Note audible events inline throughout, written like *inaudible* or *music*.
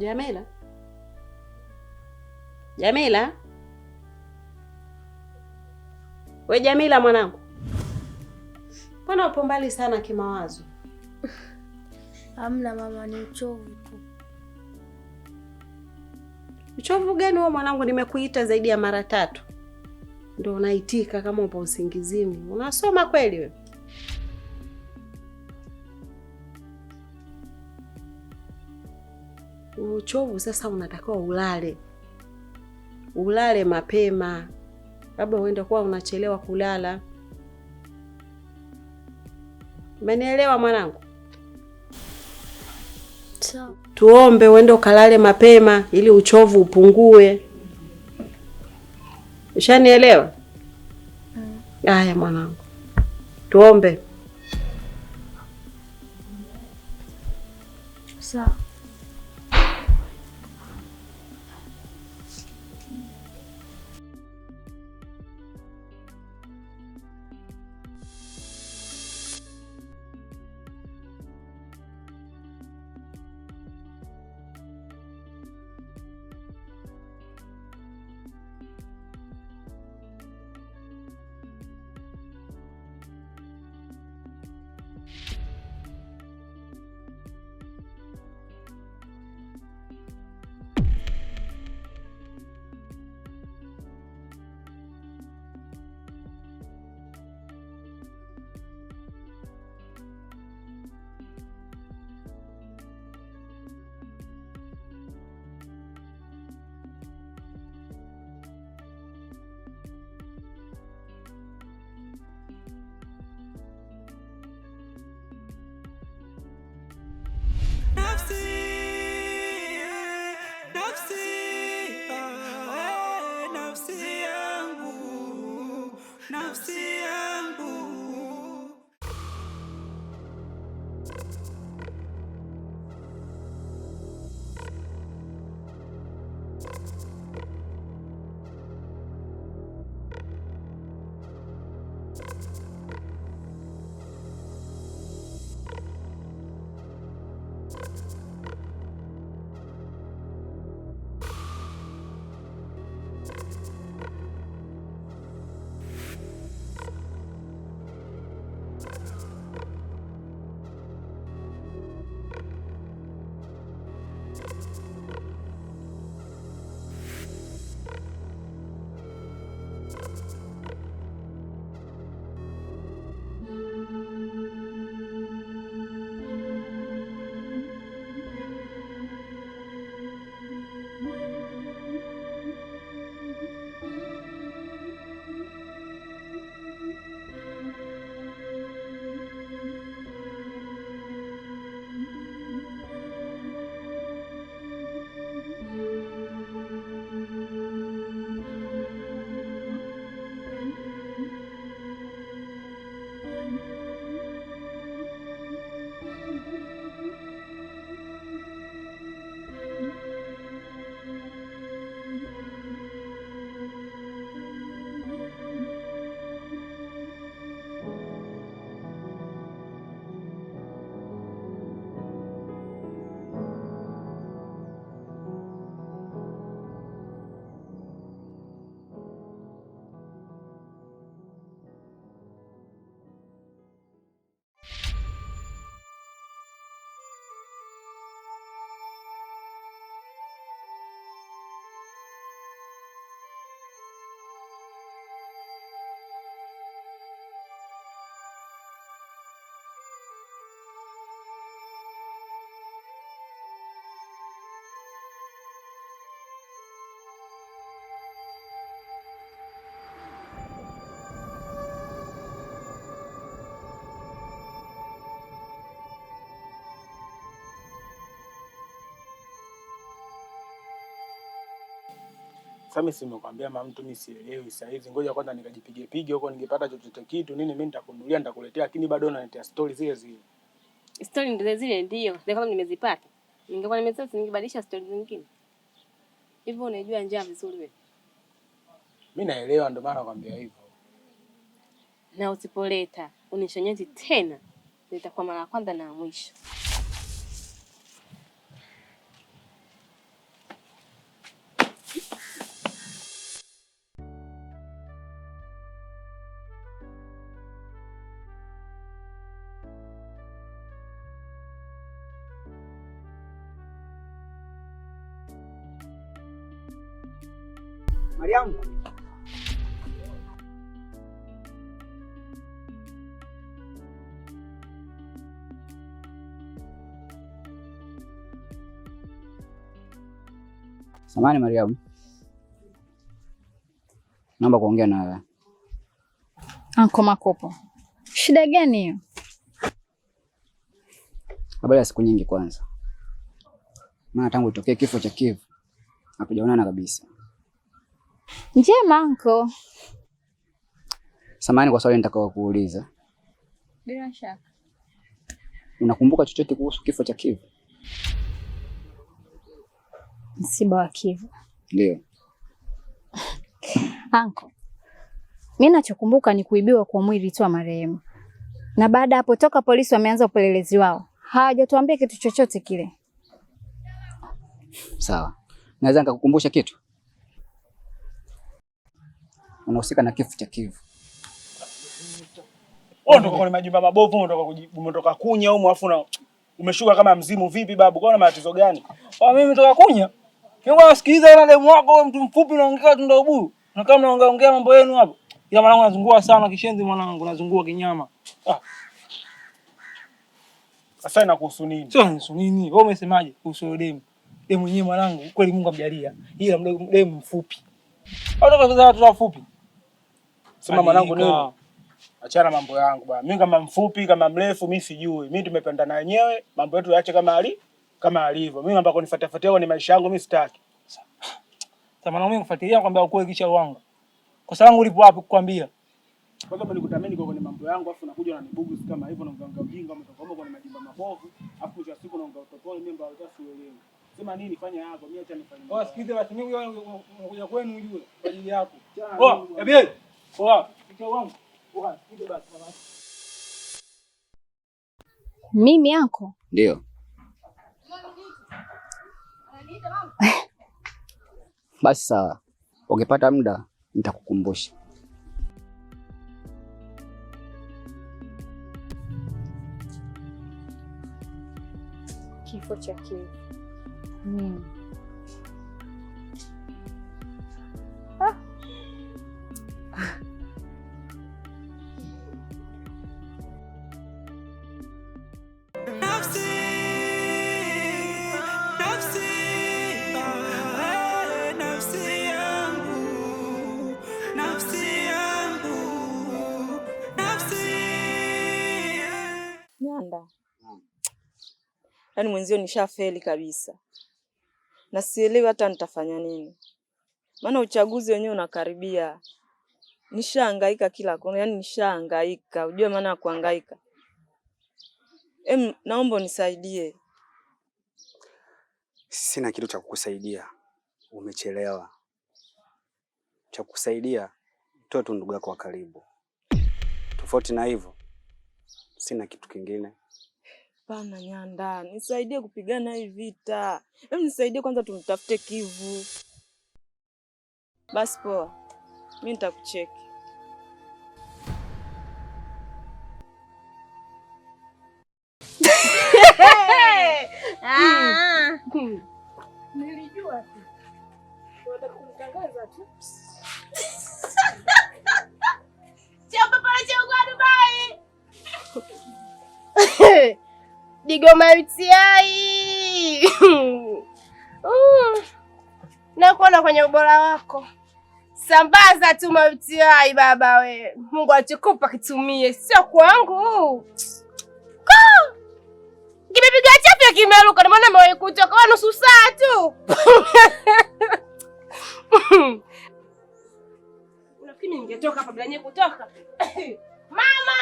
Jamila, Jamila, we Jamila mwanangu, mbona upo mbali sana kimawazo? *laughs* Hamna mama, ni uchovu tu. Uchovu gani wewe mwanangu? Nimekuita zaidi ya mara tatu, ndio unaitika kama upo usingizini. Unasoma kweli wewe? uchovu sasa unatakiwa ulale, ulale mapema, labda uende kuwa unachelewa kulala. Umenielewa mwanangu? Sawa. Tuombe uende ukalale mapema ili uchovu upungue. Ushanielewa? Mm. Haya, mm. Mwanangu, tuombe. Sawa. Sasa mimi simekwambia mama mtu mimi sielewi sasa hivi. Ngoja kwanza nikajipige pige huko ningepata chochote kitu nini mimi nitakunulia nitakuletea lakini bado unaniletea story zile zile. Story ndio zile ndio. Ndio kama nimezipata. Ningekuwa nimesema ningebadilisha story nyingine. Hivyo unajua njia vizuri wewe. Mimi naelewa ndio maana nakwambia hivyo. Na usipoleta unishonyezi tena nitakuwa mara ya kwanza na mwisho. Mariamu. Samani Mariamu, naomba kuongea na wewe. Anko ah, Makopo, shida gani hiyo? Habari ya siku nyingi kwanza, maana tangu itokee kifo cha Kivu hatujaonana kabisa. Njema anko. Samahani kwa swali nitakao kuuliza. Bila shaka. Unakumbuka chochote kuhusu kifo cha Kivu? Msiba wa Kivu. Ndio. Anko, *laughs* mimi nachokumbuka ni kuibiwa kwa mwili tu wa marehemu, na baada hapo toka polisi wameanza upelelezi wao hawajatuambia kitu chochote kile. Sawa, naweza nikakukumbusha kitu? unahusika na kifu cha kivu. Ondoka kwa majumba mabovu, ondoka kutoka kunya huko, afu umeshuka kama mzimu. Vipi babu, kwa una matatizo gani? Kwa mimi kutoka kunya kiwa sikiliza na demu wako mtu mfupi, unaongea tu ndio ubu na kama unaongea ongea mambo yenu hapo. Ila mwanangu, nazungua sana kishenzi, mwanangu, nazungua kinyama. Ah. Sasa inakuhusu nini? Sio inahusu nini? Wewe umesemaje kuhusu demu? Demu yenyewe mwanangu, kweli Mungu amjalia. Ila demu mfupi. Au ndio kwa sababu watu wafupi? Sema mwanangu nini? Achana mambo yangu bwana. Mimi kama mfupi kama mrefu mimi sijui. Mimi tumependa na wenyewe, mambo yetu yaache kama ali kama alivyo. Mimi ambako nifuata fuatia ni maisha yangu mimi sitaki. Sasa mwanangu mimi kufuatilia kwamba ukoe kicha wangu. Kosa langu ulipo wapi kukwambia? Kwanza mimi nikutamani kwa kwenye mambo yangu afu nakuja na nibugu kama hivyo na mganga ujinga mtakoma kwa majimba mabovu afu kwa siku naongea utopole mimi mbali tatu wewe. Sema nini fanya yako mimi acha nifanye. Oh, sikize basi mimi unakuja kwenu ujue kwa ajili yako. Oh, ebi. Mimi yako ndio *laughs* basi. Sawa, ukipata muda nitakukumbusha. Kifo cha Mm. yaani mwenzio nishafeli kabisa, na sielewi hata nitafanya nini, maana uchaguzi wenyewe unakaribia. Nishahangaika kila kona, yaani nishahangaika. Ujue maana ya kuhangaika. Em, naomba unisaidie. Sina kitu cha kukusaidia, umechelewa. Cha kukusaidia toa tu ndugu yako wa karibu, tofauti na hivyo sina kitu kingine. Hapana Nyanda, nisaidie kupigana hii vita. Hebu nisaidie kwanza, tumtafute Kivu. Basi poa, mi nitakucheki. Nilijua *laughs* tu *laughs* Digoma UTI. *laughs* nakuona kwenye ubora wako, sambaza tu mauti baba we. Mungu atukupa kitumie, sio kwangu. Kimepiga chapya kimeruka, ndio maana mewai kutoka nusu saa tu unafikiri *laughs* ningetoka kabla nye kutoka *coughs* mama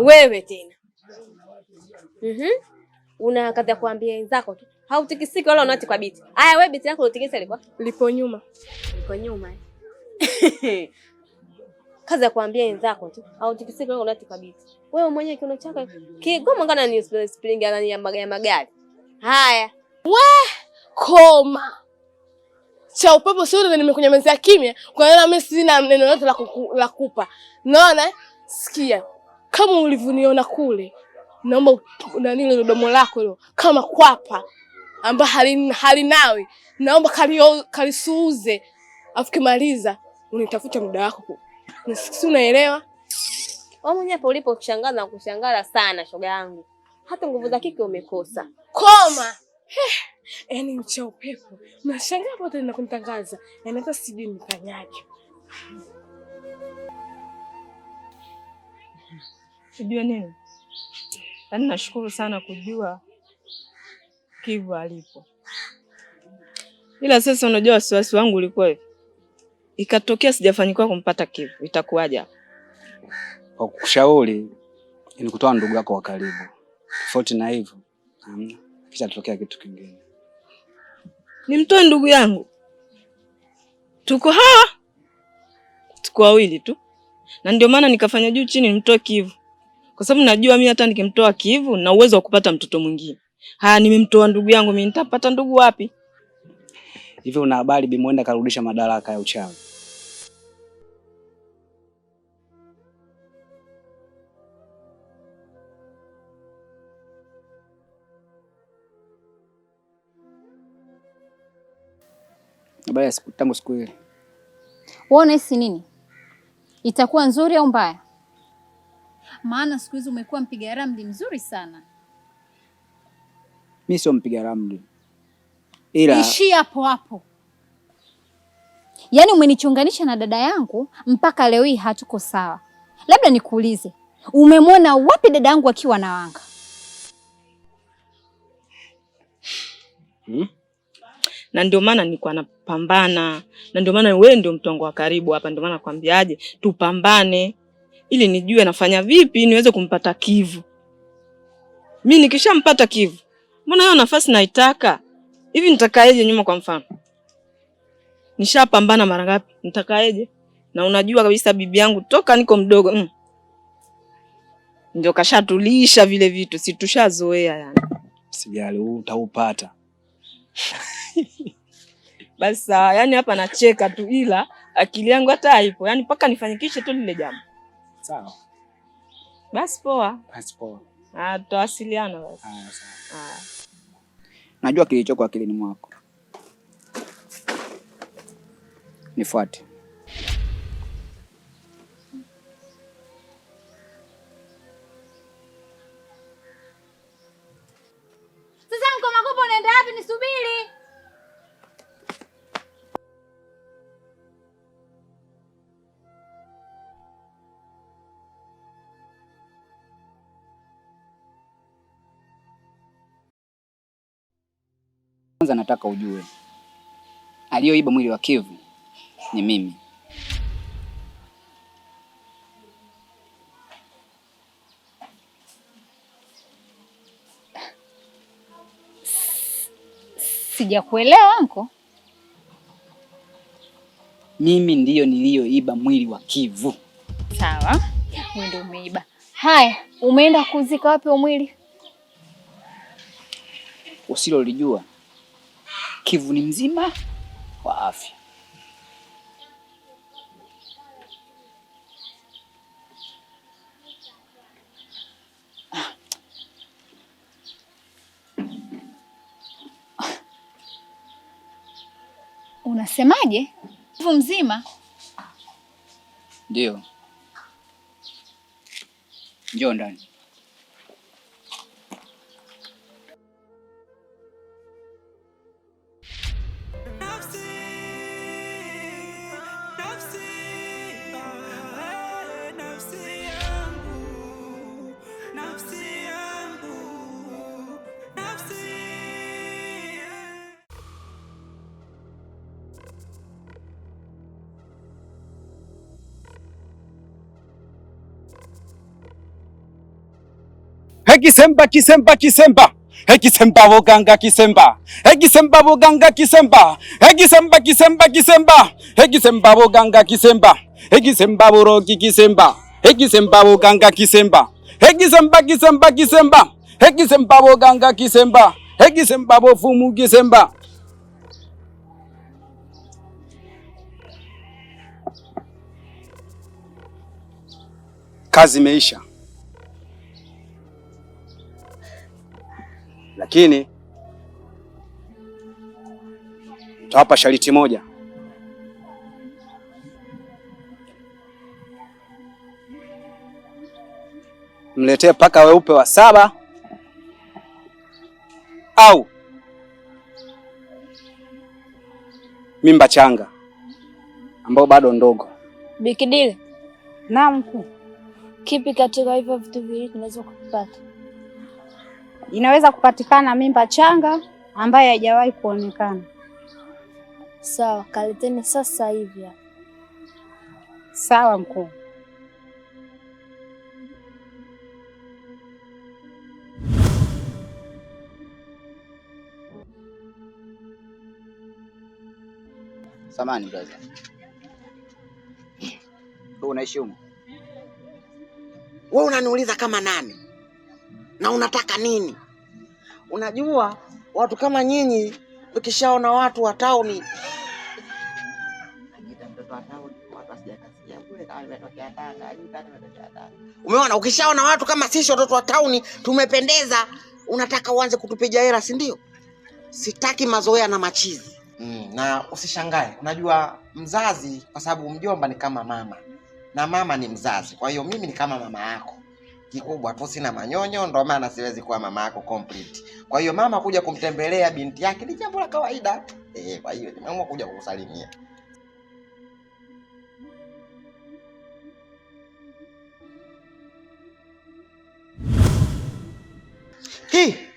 wewe tena mm-hmm. Una kadha kuambia wenzako tu, hautikisiki wala unati kwa biti. Aya, wewe biti yako ulitikisa ilikuwa lipo nyuma, lipo nyuma kazi ya kuambia wenzako tu, hautikisiki wala unati kwa eh. *laughs* biti. Wewe mwenyewe kiuno chako kigoma ngana ni spring ya ya magari haya. We koma cha upepo sio, ndio nimekunyamezea kimya kwa hiyo mimi sina neno lolote la kukupa. Naona sikia kama ulivyoniona kule, naomba nanile domo lako hilo kama kwapa amba halinawi hali, naomba kalisuuze, afikimaliza unitafuta muda wako, si unaelewa? Wewe mwenyewe hapo ulipo kushangaza na kushangala sana, shoga yangu, hata nguvu za kike umekosa. Koma yani, mcha upepo, nashangaa hata nakunitangaza, yaani hata sijui nifanyaje. Sijue nini. Yaani nashukuru sana kujua Kivu alipo, ila sasa unajua wasiwasi wangu ulikuwa hivi, ikatokea sijafanyikiwa kumpata Kivu itakuwaje Kwa kushauri ni kutoa ndugu yako wa karibu, tofauti na hivyo kisha kishatokea kitu kingine. Nimtoe ndugu yangu? Tuko hawa tuko wawili tu, na ndio maana nikafanya juu chini nimtoe Kivu kwa sababu najua mimi hata nikimtoa Kivu na uwezo wa kupata mtoto mwingine. Haya, nimemtoa ndugu yangu, mimi nitapata ndugu wapi? Hivi una habari Bimwenda karudisha madaraka ya uchawi? Habari ya siku tangu siku ile. Wewe unahisi nini? Itakuwa nzuri au mbaya? maana siku hizi umekuwa mpiga ramli mzuri sana. Mi sio mpiga ramli, ila ishia hapo hapo. Yaani umenichunganisha na dada yangu mpaka leo hii hatuko sawa. Labda nikuulize, umemwona wapi dada yangu akiwa na wanga? Hmm? Na ndio maana nilikuwa napambana, na ndio maana wewe ndio mtongo wa karibu hapa, ndio maana nakwambiaje, tupambane ili nijue nafanya vipi niweze kumpata Kivu. Mi nikishampata Kivu, mbona hiyo nafasi naitaka hivi, nitakaeje nyuma? Kwa mfano nishapambana mara ngapi, nitakaeje? Na unajua kabisa bibi yangu toka niko mdogo mm. Ndio kashatulisha vile vitu, si tushazoea yani. Sijali, huu utaupata. *laughs* Basi sawa, yani hapa nacheka tu, ila akili yangu hata haipo yani, mpaka nifanikishe tu lile jambo. Sawa. Basi poa. Basi poa. Ah, tutawasiliana basi. Ah, sawa. Ah. Najua kilichoko akilini mwako. Nifuate. kwanza nataka ujue aliyoiba mwili wa Kivu ni mimi. Sijakuelewa anko. Mimi ndiyo niliyoiba mwili wa Kivu. Sawa, wewe ndio umeiba. Haya, umeenda kuzika wapi mwili? Usilolijua Kivu ni mzima wa afya. Unasemaje? Kivu mzima? Ndio. Njoo ndani. Ekisemba kisemba kisemba ekisemba buganga kisemba ekisemba buganga kisemba ekisemba kisemba kisemba ekisemba buganga kisemba ekisemba buroki kisemba ekisemba buganga kisemba ekisemba kisemba kisemba ekisemba buganga kisemba ekisemba bofumu kisemba kazi imeisha lakini tawapa shariti moja, mletee paka weupe wa saba au mimba changa ambao bado ndogo. Bikidile, naam mkuu, kipi katika hivyo vitu viwili tunaweza kupata? inaweza kupatikana mimba changa ambaye haijawahi kuonekana. Sawa, kaleteni sasa hivi. Sawa mkuu. Samani brother. Wewe unaishi huko? Wewe unaniuliza kama nani? na unataka nini? Unajua watu kama nyinyi ukishaona watu wa tauni Umeona, ukishaona watu kama sisi watoto wa tauni tumependeza, unataka uanze kutupiga hela, si ndio? Sitaki mazoea na machizi mm, na usishangae, unajua mzazi, kwa sababu mjomba ni kama mama na mama ni mzazi, kwa hiyo mimi ni kama mama yako kikubwa tu sina manyonyo, ndo maana siwezi kuwa mama yako complete. Kwa hiyo mama kuja kumtembelea binti yake ni jambo la kawaida eh. Kwa hiyo nimeamua kuja kukusalimia. Hi.